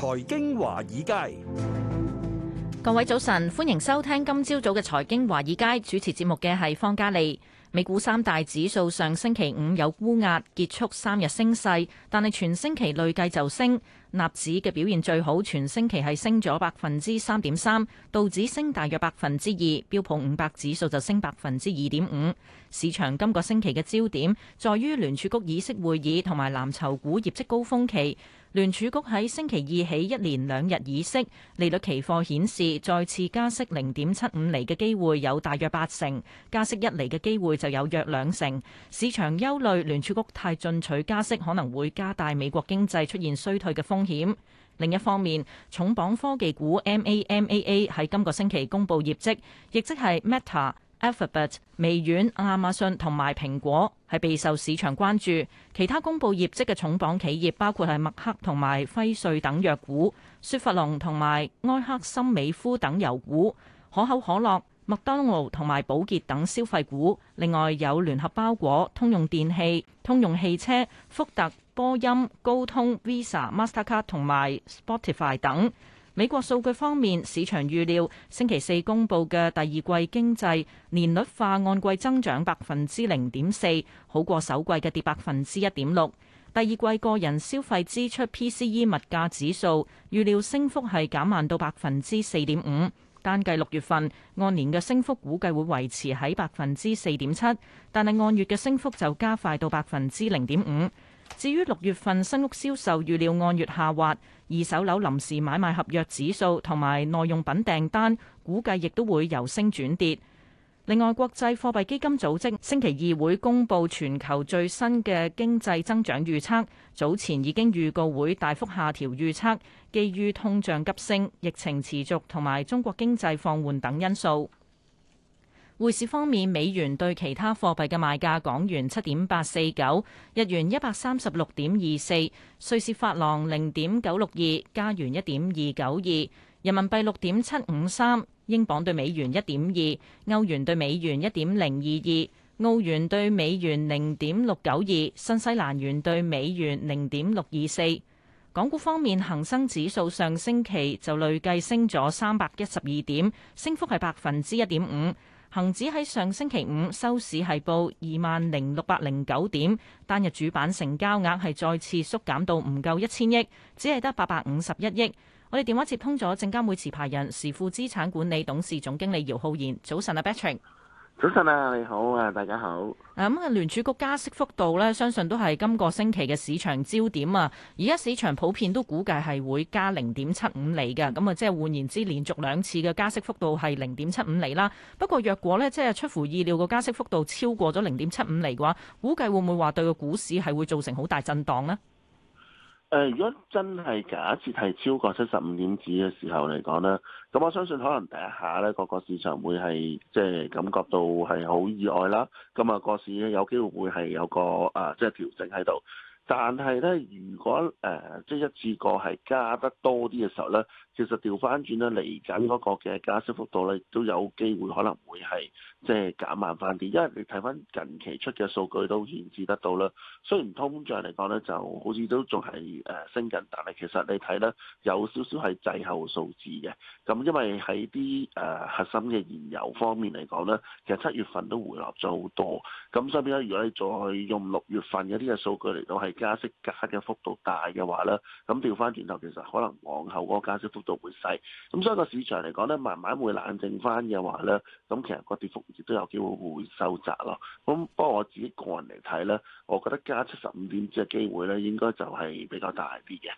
財經華爾街，各位早晨，歡迎收聽今朝早嘅財經華爾街，主持節目嘅係方嘉利。美股三大指數上星期五有沽壓，結束三日升勢，但係全星期累計就升。納指嘅表現最好，全星期係升咗百分之三點三，道指升大約百分之二，標普五百指數就升百分之二點五。市場今個星期嘅焦點在於聯儲局議息會議同埋藍籌股業績高峰期。聯儲局喺星期二起一連兩日議息，利率期貨顯示再次加息零點七五厘嘅機會有大約八成，加息一厘嘅機會就有約兩成。市場憂慮聯儲局太進取加息可能會加大美國經濟出現衰退嘅風險。另一方面，重磅科技股 MAMAA 喺今個星期公佈業績，亦即係 Meta。Alphabet、Alphabet、微軟、亞馬遜同埋蘋果係備受市場關注，其他公布業績嘅重磅企業包括係默克同埋輝瑞等藥股、雪佛龍同埋埃克森美孚等油股、可口可樂、麥當勞同埋寶潔等消費股，另外有聯合包裹、通用電器、通用汽車、福特、波音、高通、Visa、Mastercard 同埋 Spotify 等。美國數據方面，市場預料星期四公佈嘅第二季經濟年率化按季增長百分之零點四，好過首季嘅跌百分之一點六。第二季個人消費支出 PCE 物價指數預料升幅係減慢到百分之四點五，單計六月份按年嘅升幅估計會維持喺百分之四點七，但係按月嘅升幅就加快到百分之零點五。至於六月份新屋銷售預料按月下滑，二手樓臨時買賣合約指數同埋耐用品訂單，估計亦都會由升轉跌。另外，國際貨幣基金組織星期二會公布全球最新嘅經濟增長預測，早前已經預告會大幅下調預測，基於通脹急升、疫情持續同埋中國經濟放緩等因素。匯市方面，美元對其他貨幣嘅賣價：港元七點八四九，日元一百三十六點二四，瑞士法郎零點九六二，加元一點二九二，人民幣六點七五三，英鎊對美元一點二，歐元對美元一點零二二，澳元對美元零點六九二，新西蘭元對美元零點六二四。港股方面，恒生指數上星期就累計升咗三百一十二點，升幅係百分之一點五。恒指喺上星期五收市係報二萬零六百零九點，單日主板成交額係再次縮減到唔夠一千億，只係得八百五十一億。我哋電話接通咗證監會持牌人時富資產管理董事總經理姚浩然，早晨啊 Patrick。早晨啊，你好啊，大家好。嗱、嗯，咁啊，聯儲局加息幅度呢，相信都係今個星期嘅市場焦點啊。而家市場普遍都估計係會加零點七五厘嘅，咁啊，即係換言之，連續兩次嘅加息幅度係零點七五厘啦。不過若果呢，即係出乎意料個加息幅度超過咗零點七五厘嘅話，估計會唔會話對個股市係會造成好大震盪呢？誒，如果真係假設係超過七十五點子嘅時候嚟講咧，咁我相信可能第一下呢，個個市場會係即係感覺到係好意外啦。咁啊，個市有機會會係有個啊，即係調整喺度。但係咧，如果誒即係一次過係加得多啲嘅時候咧，其實調翻轉咧嚟緊嗰個嘅加息幅度咧，都有機會可能會係即係減慢翻啲，因為你睇翻近期出嘅數據都顯示得到啦。雖然通脹嚟講咧，就好似都仲係誒升緊，但係其實你睇咧有少少係滯後數字嘅。咁因為喺啲誒核心嘅燃油方面嚟講咧，其實七月份都回落咗好多。咁所以變如果你再去用六月份嗰啲嘅數據嚟到係。加息加嘅幅度大嘅話咧，咁調翻轉頭其實可能往後嗰個加息幅度會細，咁所以個市場嚟講咧，慢慢會冷靜翻嘅話咧，咁其實個跌幅亦都有機會會收窄咯。咁不過我自己個人嚟睇咧，我覺得加七十五點子嘅機會咧，應該就係比較大啲嘅。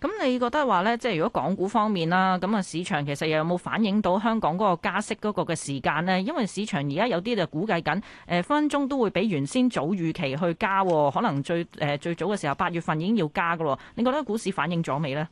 咁你覺得話呢？即係如果港股方面啦，咁啊市場其實又有冇反映到香港嗰個加息嗰個嘅時間呢？因為市場而家有啲就估計緊，誒、呃、分分鐘都會比原先早預期去加、哦，可能最誒、呃、最早嘅時候八月份已經要加噶咯。你覺得股市反映咗未呢？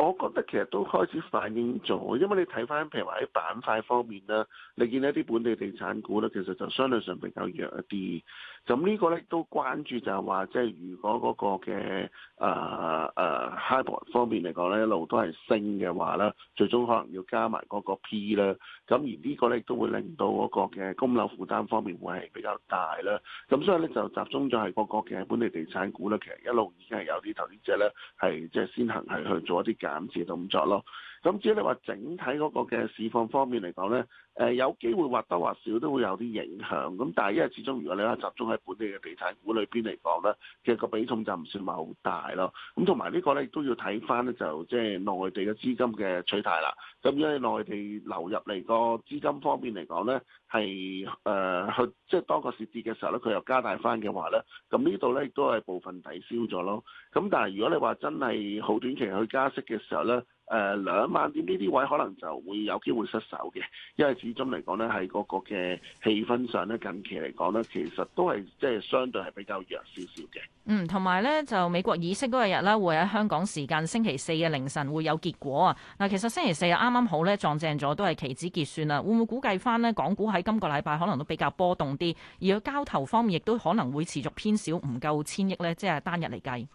我覺得其實都開始反映咗，因為你睇返譬如話喺板塊方面啦，你見到一啲本地地產股咧，其實就相對上比較弱一啲。咁呢個咧都關注就係話，即係如果嗰個嘅啊啊 HIBOR 方面嚟講咧，一路都係升嘅話啦，最終可能要加埋嗰個 P 啦。咁而呢個咧都會令到嗰個嘅供樓負擔方面會係比較大啦。咁所以咧就集中咗係嗰個嘅本地地產股咧，其實一路已經係有啲投資者咧係即係先行係去做一啲減。減持動作咯，咁至於你話整體嗰個嘅市況方面嚟講咧。誒、呃、有機會或多或少都會有啲影響，咁但係因為始終如果你話集中喺本地嘅地產股裏邊嚟講咧，其實個比重就唔算話好大咯。咁同埋呢個咧，亦都要睇翻咧，就即係內地嘅資金嘅取態啦。咁因為內地流入嚟個資金方面嚟講咧，係誒去即係當個市跌嘅時候咧，佢又加大翻嘅話咧，咁呢度咧亦都係部分抵消咗咯。咁但係如果你話真係好短期去加息嘅時候咧，誒、呃、兩萬點呢啲位可能就會有機會失守嘅，因為始終嚟講咧，喺嗰個嘅氣氛上咧，近期嚟講咧，其實都係即係相對係比較弱少少嘅。嗯，同埋呢，就美國議息嗰日咧，會喺香港時間星期四嘅凌晨會有結果啊。嗱，其實星期四啊，啱啱好呢，撞正咗，都係期指結算啦。會唔會估計翻呢？港股喺今個禮拜可能都比較波動啲，而個交投方面亦都可能會持續偏少，唔夠千億呢，即係單日嚟計。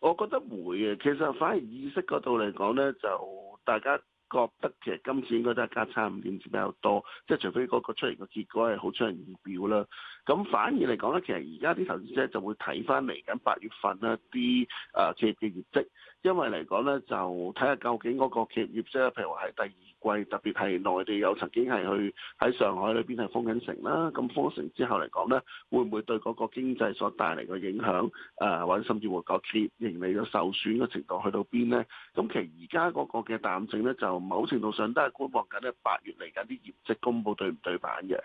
我覺得會啊。其實反而意識嗰度嚟講咧，就大家覺得其實今次應該都係加差五點子比較多，即係除非嗰個出嚟個結果係好出人意表啦。咁反而嚟講咧，其實而家啲投資者就會睇翻嚟緊八月份啦啲啊企業嘅業績，因為嚟講咧就睇下究竟嗰個企業業績，譬如話係第二。貴特別係內地有曾經係去喺上海裏邊係封緊城啦，咁封城之後嚟講咧，會唔會對嗰個經濟所帶嚟嘅影響，誒或者甚至乎個企業盈利嘅受損嘅程度去到邊咧？咁其實而家嗰個嘅彈性咧，就某程度上都係觀望緊咧，八月嚟緊啲業績公布對唔對版嘅。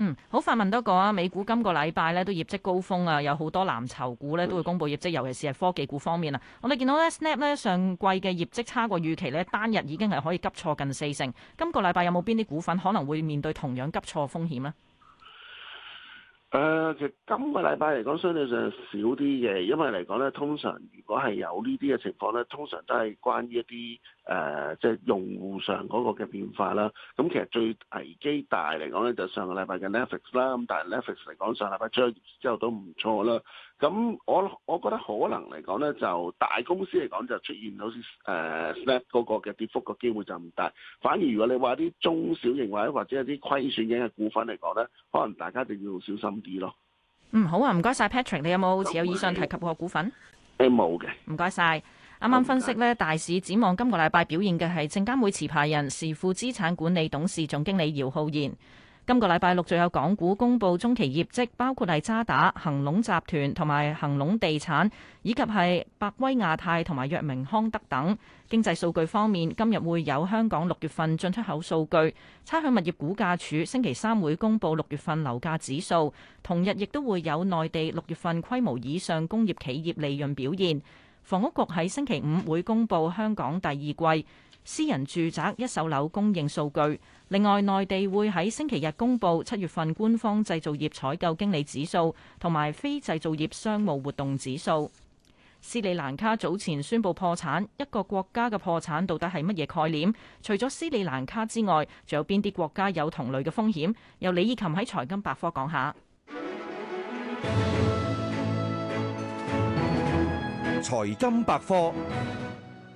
嗯，好快問多個啊！美股今個禮拜咧都業績高峰啊，有好多藍籌股咧都會公布業績，尤其是係科技股方面啊。我哋見到咧，Snap 咧上季嘅業績差過預期咧，單日已經係可以急挫近四成。今個禮拜有冇邊啲股份可能會面對同樣急挫風險呢？誒、呃，其實今個禮拜嚟講相對上少啲嘅，因為嚟講咧，通常如果係有呢啲嘅情況咧，通常都係關於一啲誒、即、呃、係、就是、用戶上嗰個嘅變化啦。咁、嗯、其實最危機大嚟講咧，就是、上個禮拜嘅 Netflix 啦。咁但係 Netflix 嚟講上禮拜出咗之後都唔錯啦。咁我我覺得可能嚟講咧，就大公司嚟講就出現好似誒 Snap 嗰個嘅跌幅個機會就唔大，反而如果你話啲中小型或者或者一啲虧損型嘅股份嚟講咧，可能大家就要小心啲咯。嗯，好啊，唔該晒 Patrick，你有冇持有以上提及個股份？誒冇嘅。唔該晒。啱啱分析咧，謝謝。大市展望今個禮拜表現嘅係證監會持牌人士、富資產管理董事總經理姚浩然。今個禮拜六，仲有港股公布中期業績，包括係渣打、恒隆集團同埋恒隆地產，以及係百威亞太同埋藥明康德等。經濟數據方面，今日會有香港六月份進出口數據，差餉物業估價署，星期三會公布六月份樓價指數。同日亦都會有內地六月份規模以上工業企業利潤表現。房屋局喺星期五會公布香港第二季私人住宅一手樓供應數據。另外，內地會喺星期日公布七月份官方製造業採購經理指數同埋非製造業商務活動指數。斯里蘭卡早前宣布破產，一個國家嘅破產到底係乜嘢概念？除咗斯里蘭卡之外，仲有邊啲國家有同類嘅風險？由李以琴喺財金百科講下。財金百科。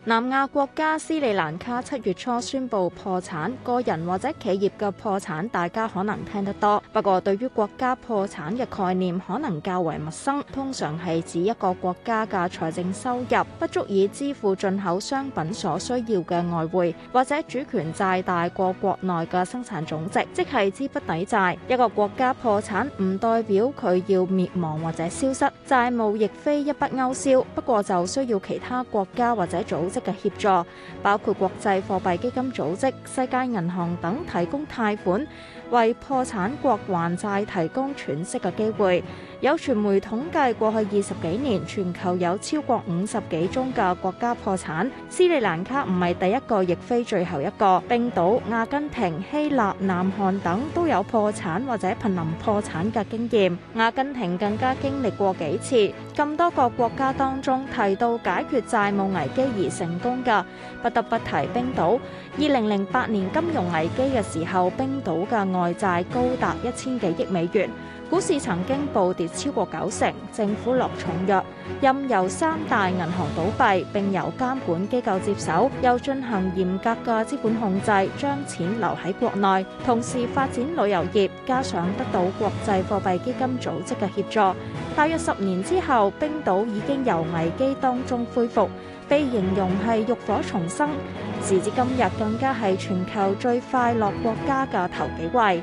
南亞國家斯里蘭卡七月初宣布破產，個人或者企業嘅破產大家可能聽得多，不過對於國家破產嘅概念可能較為陌生。通常係指一個國家嘅財政收入不足以支付進口商品所需要嘅外匯，或者主權債大過國內嘅生產總值，即係資不抵債。一個國家破產唔代表佢要滅亡或者消失，債務亦非一筆勾銷。不過就需要其他國家或者組即嘅協助，包括國際貨幣基金組織、世界銀行等提供貸款，為破產國還債提供喘息嘅機會。有傳媒統計過去二十幾年，全球有超過五十幾宗嘅國家破產。斯里蘭卡唔係第一個，亦非最後一個。冰島、阿根廷、希臘、南韓等都有破產或者瀕臨破產嘅經驗。阿根廷更加經歷過幾次。咁多個國家當中提到解決債務危機而成功嘅，不得不提冰島。二零零八年金融危機嘅時候，冰島嘅外債高達一千幾億美元。股市曾經暴跌超過九成，政府落重藥，任由三大銀行倒閉並由監管機構接手，又進行嚴格嘅資本控制，將錢留喺國內，同時發展旅遊業，加上得到國際貨幣基金組織嘅協助，大約十年之後，冰島已經由危機當中恢復，被形容係浴火重生。時至今日，更加係全球最快樂國家嘅頭幾位。